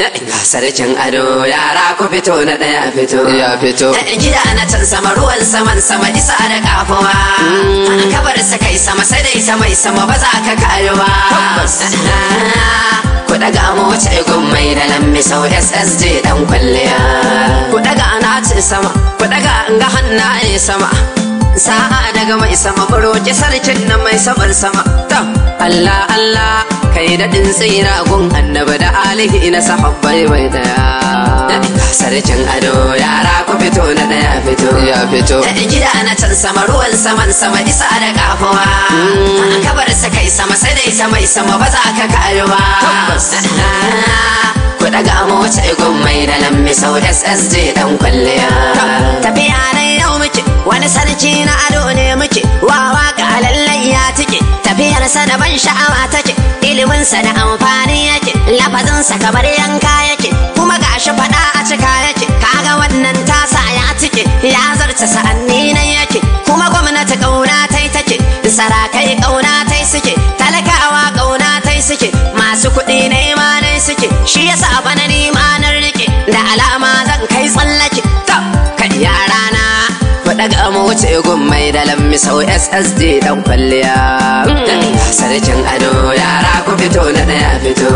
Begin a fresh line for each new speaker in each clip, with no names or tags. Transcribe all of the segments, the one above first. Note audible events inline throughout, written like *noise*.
Ga sarkin ado yara ku fito na ɗaya fito. Ya fito. Gida na can sama ruwan saman sama isa da kafuwa. Mm. Kabar sa kai sama sai dai sama sama ba za ka kayo ba. *laughs* Ku daga mu wuce gun mai da lammi sau SSD dan kwalliya. Ku daga na ce sama, ku daga ga hannaye sama. Sa'a daga mai sama, ku roƙi sarkin na mai saman sama. Allah Allah. kai daɗin tsira gun annaba da alihi na sahabbai bai daya sarkin ado yara ku fito na daya fito ya fito da gida na can sama ruwan saman sama isa da kafuwa hmm. kabar sa kai sama sai dai sama sama ba za ka karuwa ku daga mu wuce gun mai da lammi sau ssd dan kwalliya tafiya na yau muke wani sarki na ado ne muke wawa ga lallai ya tike tafiyarsa da ban sha'awa take ilimin da amfani yake lafazin sa kamar yanka yake kuma ga shi faɗa a cika yake kaga wannan tasa ya cike ya zarta sa'anni nan yake kuma gwamnati kauna tai take sarakai kauna tai suke talakawa kauna tai suke masu kuɗi ma imanin suke shi yasa bana ni nan rike da alama zan kai tsallake daga mu wuce gun mai da lammi sau ssd dan kwalliya sarkin ado yara ku fito na daya fito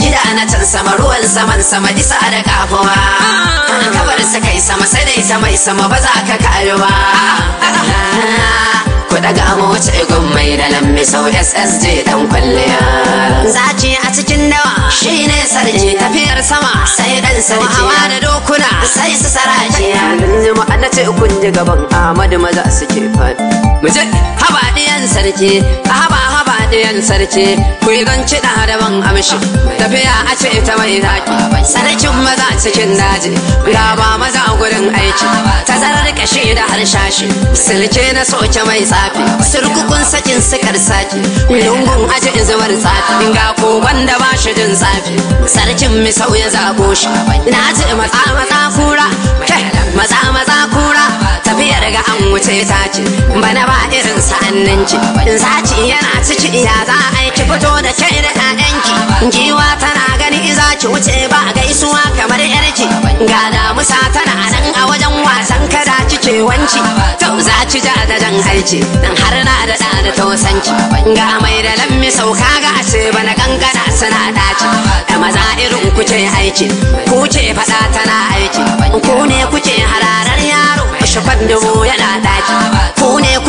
gida ana can sama ruwan saman sama isa da kafuwa ah. kabar su kai sama sai dai sama ma ba za ka kayo ah. ah. ku daga mu wuce mai da lambi sau ssj don kwalliya zaci a cikin dawa shi ne sarki tafiyar sama sai dan sarki hawa da dokuna sai su sarajiya mun ji ma'ana ce kun ji gaban ahmadu maza suke faɗi mu je haba diyan sarki haba ba ɗiyan sarki don kiɗa da ban amshi tafiya a ce ta mai zaki sarkin maza cikin daji ya ba maza gurin aiki ta zarar kashi da harshashi silke na soke mai tsafi surkukun sakin sukar saki lungun aji zubar tsafi ga ko wanda ba shi jin tsafi sarkin sauya za zago shi na ji maza maza kura maza maza kura tafiyar ga an wuce ta ce bana ba sa'anninci Kudin yana ciki ya za a aiki fito da kai da ƴaƴanki Giwa tana gani za ki wuce ba gaisuwa kamar yarki Ga damusa tana nan a wajen wasan kada kike wanci to za ki ja da jan aiki Dan har na da da da tausanci Ga mai da lammi sauka ga ba na gangana suna daci Da maza irin ku kuke aiki ce faɗa tana aiki Ku ne ku ce hararar yaro Shafan dubu yana daki.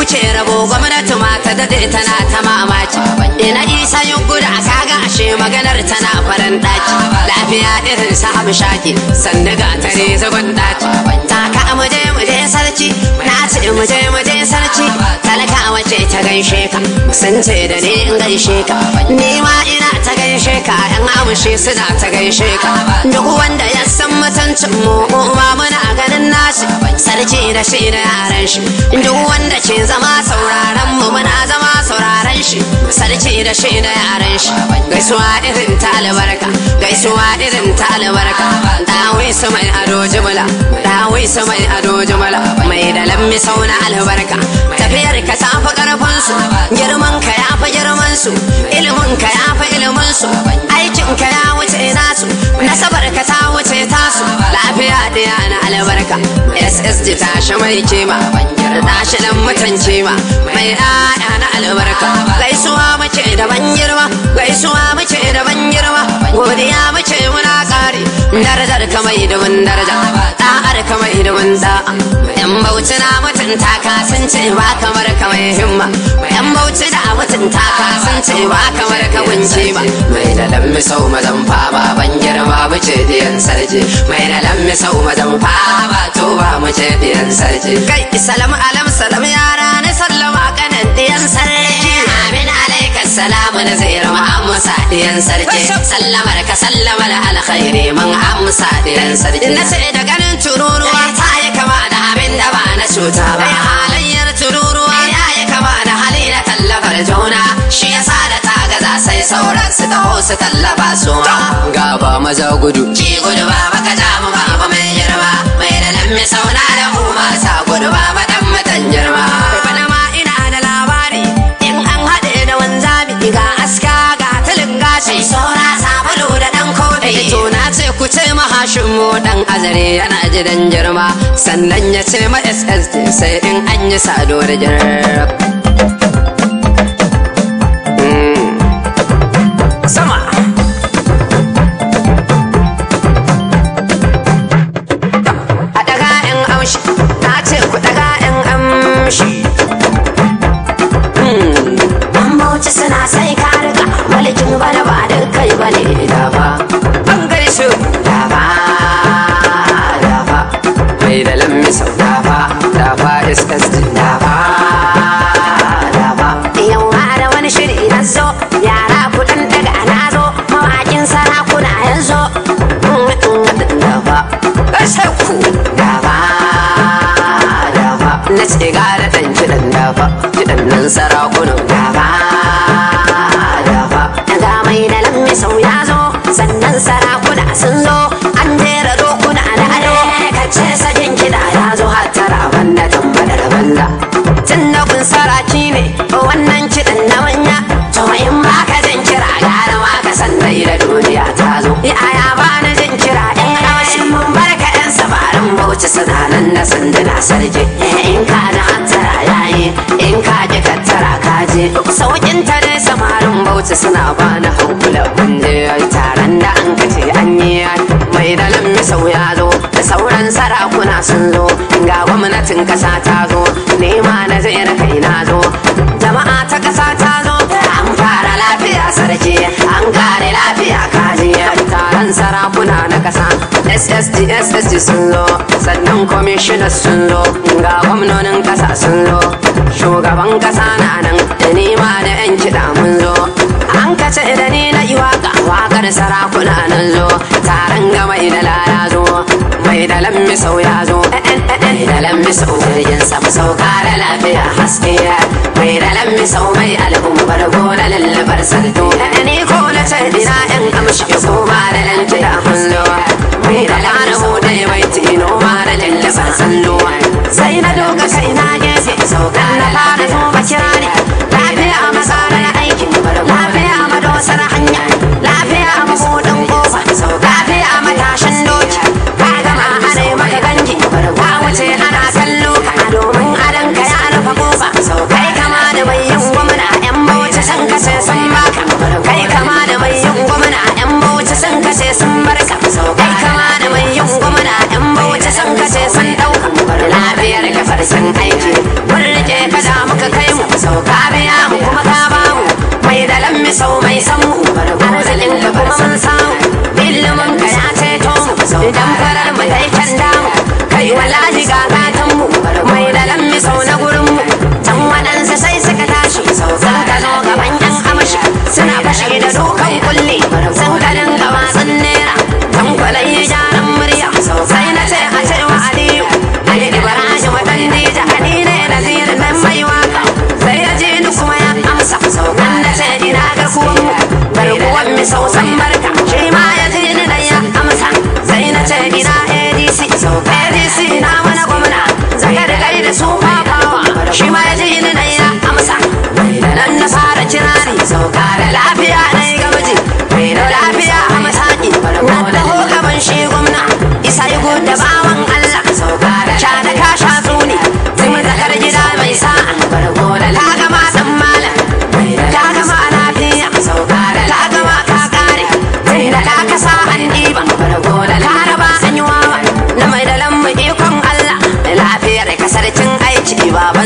kuce rabo gwamnati ma ta dade tana ta mamaci ina isa yin guda kaga ashe maganar tana faran daki lafiya irin sa amshaki sannu ga tare zagon daki ta ka muje muje sarki na ce muje muje sarki ce ta ganshe ka kusance da ni in gaishe ka ni ma ina ta gaishe ka yan amushi suna ta gaishe ka duk wanda ya san mutuncin mu ma muna ganin nashi sarki da shi da yaran shi duk wanda ke zama sauraron mu muna zama sauraron shi sarki da shi da yaran shi gaisuwa irin ta albarka gaisuwa irin ta albarka dawi su mai ado jimla isa mai ado jumala mai da lammi sauna albarka tafiyar ka ta fi karfin su girman ka ya fi girman su ilimin ka ya fi ilimin su aikin ka ya wuce nasu nasabar ka ta wuce tasu lafiya da na albarka ssd ta shi mai kima da shi dan mutance ma mai ɗaya na albarka gaisuwa mace da ban girma gaisuwa mace da ban girma godiya mace muna ƙari ka mai dubin daraja da'ar ka mai dubin da. yan bauchi na mutunta ka sun ce ba kamar ka mai himma yan bauchi da mutunta ka sun ce ba kamar ka gunce ba mai da lammi sau mazan fama ban girma mu ce diyan sarki mai da lammi sau mazan fama to ba mu ce diyan sarki kai salam alam salam yara ne sallama kanan diyan sarki ka salamu na zira mu amsa sarki sallamar ka da alkhairi man amsa diyan sarki na ce da ganin tururuwa ta yi kama da abin da ba na cuta ba halayyar tururuwa ya yi kama da hali na tallafar juna shi yasa da ta gaza sai sauran su taho su tallafa su ma gaba maza gudu ki gudu ba baka damu ba mai girma mai da lamme sauna da kuma sa gudu ba madan dan azare yana jiran girma sannan ya ce ma S.S.D. sai in an yi saduwar girma sarakunan lokacin kasa ta zo nema na zai kai na zo jama'a ta kasa ta zo an fara lafiya sarki an kare lafiya kaji taron sarakuna na kasa ssd ssd sun zo sannan commissioners sun zo ga gwamnonin kasa sun zo shugaban kasa na nan da nema da yan kiɗa mun zo an kace da ni na iwaka wakar sarakuna nan zo taron gama idala zo mai dalan sau ya zo dalan sau jirgin sama sauka da lafiya haske mai dalan sau mai al'ummu bargo da lallabar sardo ni ko na ce ina yan amshi ke koma da lanta hullo mai dalan rahu da mai tino ma da lallabar sallo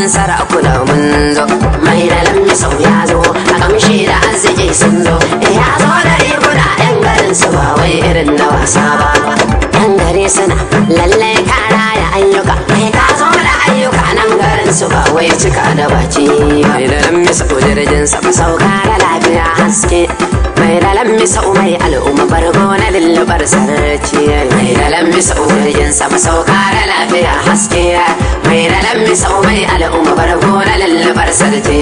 an sarakuna mun zo mai da lamni sau ya zo a kamshi da arziki sun zo eh, ya zo da riguna yan garin su ba wai irin na wasa ba yan gare suna lalle kara da ayyuka mai ka zo da ayyuka nan garin su ba wai cika da baki mai da lamni sau jirgin sa sauka da lafiya haske mai dalan misa umai al'umma bargo na lullubar sarki mai dalan misa umarjin sama sauka da lafiya haske mai dalan misa umai al'umma bargo na lullubar sarki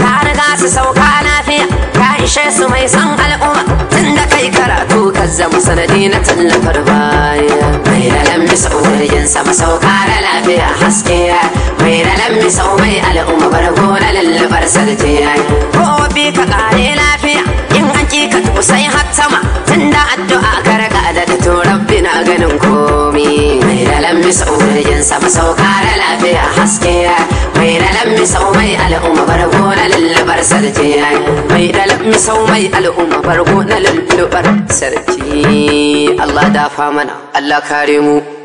ka riga su sauka lafiya ka ishe su mai san al'umma tun da kai karatu ka zama sanadi na tallafar baya mai dalan misa umarjin sama sauka da lafiya haske mai dalan misa umai al'umma bargo na lullubar sarki sau sauka da lafiya haske mai al'umma bargo na sarki mai al'umma bargo na sarki Allah dafa mana Allah kare mu